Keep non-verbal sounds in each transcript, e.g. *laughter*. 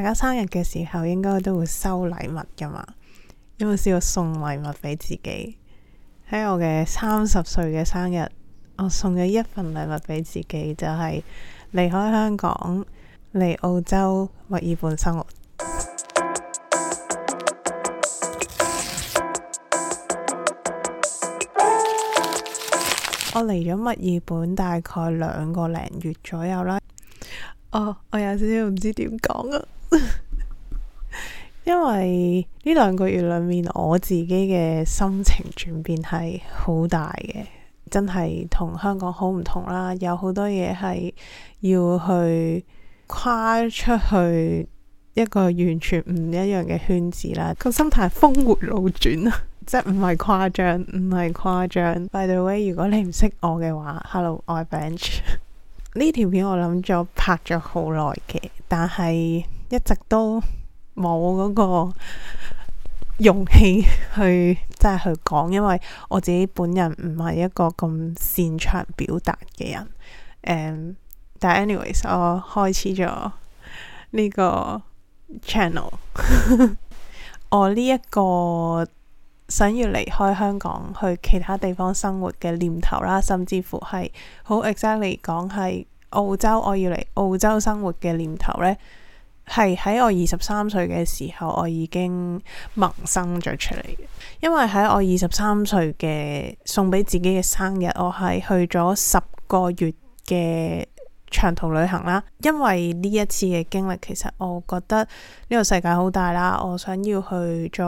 大家生日嘅時候應該都會收禮物㗎嘛，有冇試過送禮物俾自己？喺我嘅三十歲嘅生日，我送咗一份禮物俾自己，就係離開香港嚟澳洲墨爾本生活。 *music* 我嚟咗墨爾本大概兩個零月左右啦。哦，我有少少唔知點講啊～ *laughs* 因為呢兩個月裏面，我自己嘅心情轉變係好大嘅，真係同香港好唔同啦。有好多嘢係要去跨出去一個完全唔一樣嘅圈子啦。個心態係峰回路轉啊， *laughs* 即係唔係誇張，唔係誇張。By the way，如果你唔識我嘅話，Hello，I Bench 呢 *laughs* 條片我諗咗拍咗好耐嘅，但係。一直都冇嗰個勇氣 *laughs* 去，即係去講，因為我自己本人唔係一個咁擅長表達嘅人。誒，但 anyways，我開始咗呢個 channel。 *laughs* 我呢一個想要離開香港去其他地方生活嘅念頭啦，甚至乎係好 exactly 講係澳洲，我要嚟澳洲生活嘅念頭呢。係喺我二十三歲嘅時候，我已經萌生咗出嚟嘅。因為喺我二十三歲嘅送俾自己嘅生日，我係去咗十個月嘅長途旅行啦。因為呢一次嘅經歷，其實我覺得呢個世界好大啦。我想要去再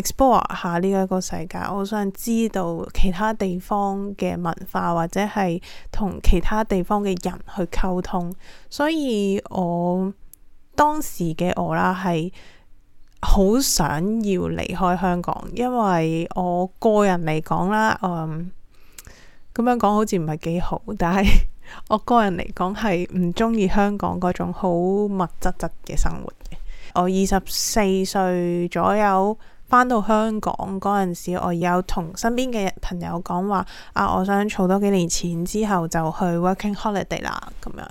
explore 下呢一個世界，我想知道其他地方嘅文化，或者係同其他地方嘅人去溝通。所以我。當時嘅我啦，係好想要離開香港，因為我個人嚟講啦，嗯，咁樣講好似唔係幾好，但係我個人嚟講係唔中意香港嗰種好密質質嘅生活。我二十四歲左右。返到香港嗰陣時，我有同身邊嘅朋友講話啊，我想儲多幾年錢之後就去 working holiday 啦咁樣。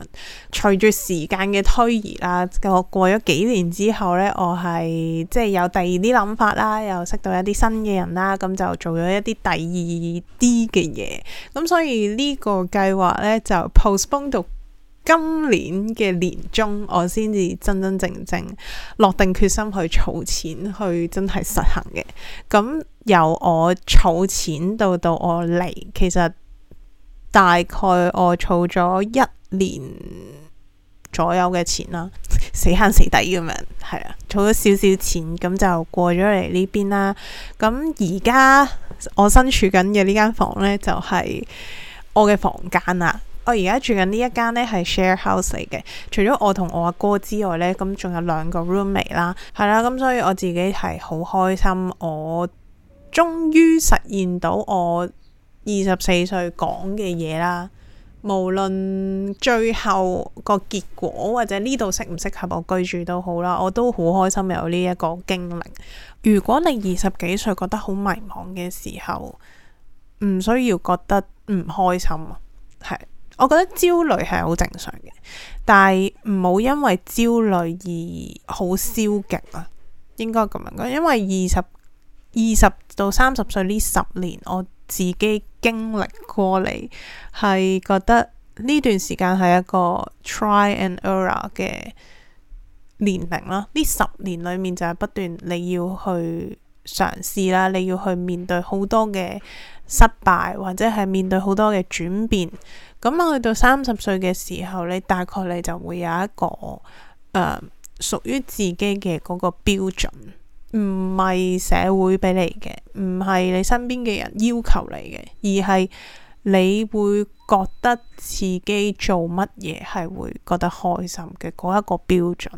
隨住時間嘅推移啦，我過咗幾年之後呢，我係即係有第二啲諗法啦，又識到一啲新嘅人啦，咁就做咗一啲第二啲嘅嘢。咁所以呢個計劃呢，就 postpone 今年嘅年終，我先至真真正，正正落定決心去儲錢，去真係實行嘅。咁、嗯、由我儲錢到到我嚟，其實大概我儲咗一年左右嘅錢啦，死慳死抵咁樣，係啊，儲咗少少錢，咁、嗯、就過咗嚟呢邊啦。咁而家我身處緊嘅呢間房呢，就係、是、我嘅房間啦。我而家住緊呢一間咧係 share house 嚟嘅，除咗我同我阿哥之外咧，咁仲有兩個 roommate 啦，係啦，咁所以我自己係好開心，我終於實現到我二十四歲講嘅嘢啦。無論最後個結果或者呢度適唔適合我居住都好啦，我都好開心有呢一個經歷。如果你二十幾歲覺得好迷茫嘅時候，唔需要覺得唔開心啊，係。我覺得焦慮係好正常嘅，但係唔好因為焦慮而好消極啊。應該咁樣講，因為二十二十到三十歲呢十年，我自己經歷過嚟係覺得呢段時間係一個 try and error 嘅年齡咯。呢十年裏面就係不斷你要去嘗試啦，你要去面對好多嘅失敗，或者係面對好多嘅轉變。咁去到三十歲嘅時候，你大概你就會有一個誒、呃、屬於自己嘅嗰個標準，唔係社會俾你嘅，唔係你身邊嘅人要求你嘅，而係你會覺得自己做乜嘢係會覺得開心嘅嗰一個標準。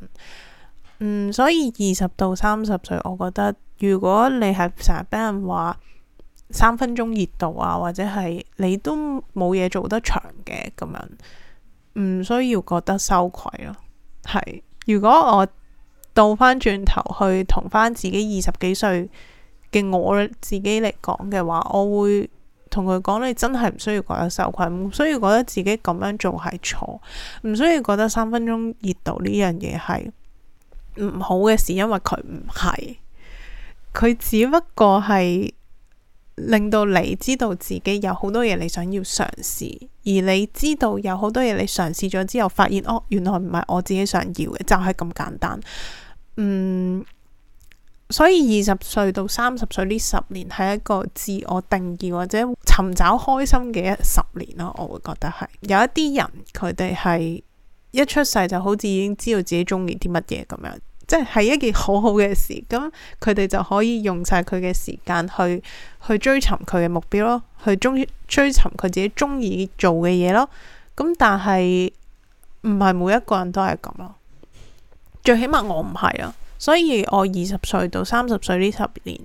嗯，所以二十到三十歲，我覺得如果你係成日俾人話，三分鐘熱度啊，或者係你都冇嘢做得長嘅咁樣，唔需要覺得羞愧咯。係，如果我倒翻轉頭去同翻自己二十幾歲嘅我自己嚟講嘅話，我會同佢講：你真係唔需要覺得羞愧，唔需要覺得自己咁樣做係錯，唔需要覺得三分鐘熱度呢樣嘢係唔好嘅事，因為佢唔係，佢只不過係。令到你知道自己有好多嘢你想要嘗試，而你知道有好多嘢你嘗試咗之後，發現哦，原來唔係我自己想要嘅，就係咁簡單。嗯，所以二十歲到三十歲呢十年係一個自我定義或者尋找開心嘅一十年咯，我會覺得係有一啲人佢哋係一出世就好似已經知道自己中意啲乜嘢咁樣。即係一件好好嘅事，咁佢哋就可以用晒佢嘅時間去去追尋佢嘅目標咯，去中意追尋佢自己中意做嘅嘢咯。咁但係唔係每一個人都係咁咯。最起碼我唔係啊，所以我二十歲到三十歲呢十年，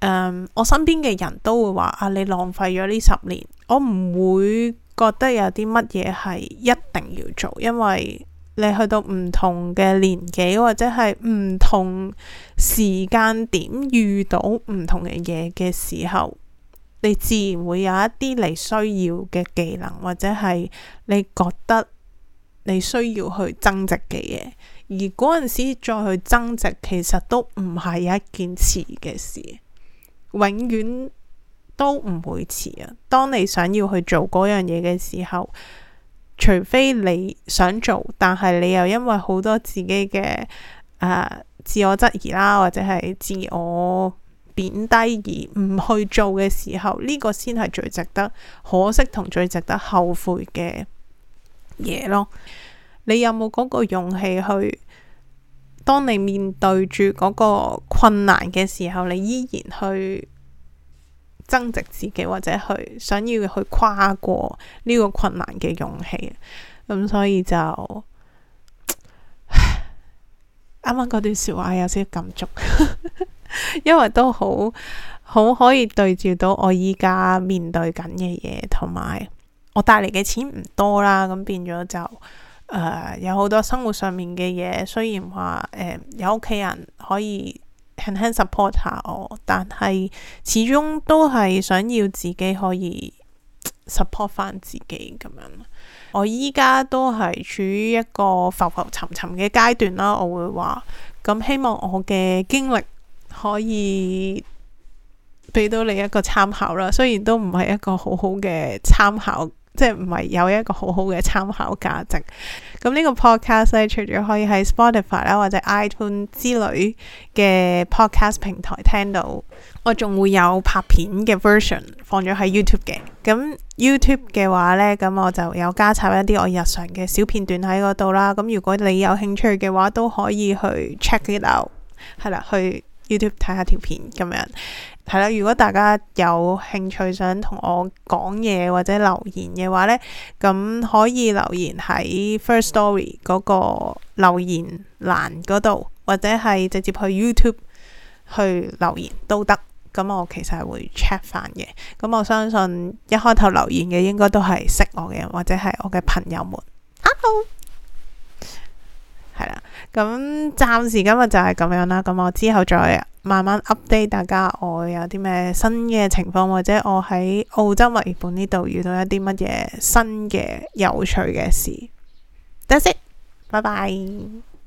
呃，我身邊嘅人都會話啊，你浪費咗呢十年，我唔會覺得有啲乜嘢係一定要做，因為。你去到唔同嘅年紀或者係唔同時間點遇到唔同嘅嘢嘅時候，你自然會有一啲你需要嘅技能或者係你覺得你需要去增值嘅嘢，而嗰陣時再去增值，其實都唔係一件遲嘅事，永遠都唔會遲啊！當你想要去做嗰樣嘢嘅時候。除非你想做，但係你又因為好多自己嘅啊、呃、自我質疑啦，或者係自我貶低而唔去做嘅時候，呢、呢個先係最值得可惜同最值得後悔嘅嘢咯。你有冇嗰個勇氣去？當你面對住嗰個困難嘅時候，你依然去。增值自己或者去想要去跨過呢個困難嘅勇氣，咁所以就啱啱嗰段說話有少少感觸，因為都好好可以對照到我依家面對緊嘅嘢，同埋我帶嚟嘅錢唔多啦，咁變咗就誒、呃、有好多生活上面嘅嘢，雖然話誒、呃、有屋企人可以。肯 support 下我，但係始終都係想要自己可以 support 翻自己咁樣。我依家都係處於一個浮浮沉沉嘅階段啦。我會話，咁希望我嘅經歷可以俾到你一個參考啦。雖然都唔係一個好好嘅參考。即係唔係有一個好好嘅參考價值。咁呢個 podcast 咧，除咗可以喺 Spotify 啦、啊、或者 iTune 之類嘅 podcast 平台聽到，我仲會有拍片嘅 version 放咗喺 YouTube 嘅。咁 YouTube 嘅話咧，咁我就有加插一啲我日常嘅小片段喺嗰度啦。咁如果你有興趣嘅話，都可以去 check it out，係啦，去。YouTube 睇下條片咁樣，係啦。如果大家有興趣想同我講嘢或者留言嘅話呢，咁可以留言喺 First Story 嗰個留言欄嗰度，或者係直接去 YouTube 去留言都得。咁我其實會 check 返嘅。咁我相信一開頭留言嘅應該都係識我嘅人或者係我嘅朋友們。Hello。係啦，咁、嗯、暫時今日就係咁樣啦。咁、嗯、我之後再慢慢 update 大家我有啲咩新嘅情況，或者我喺澳洲墨爾本呢度遇到一啲乜嘢新嘅有趣嘅事。That's it. 拜拜。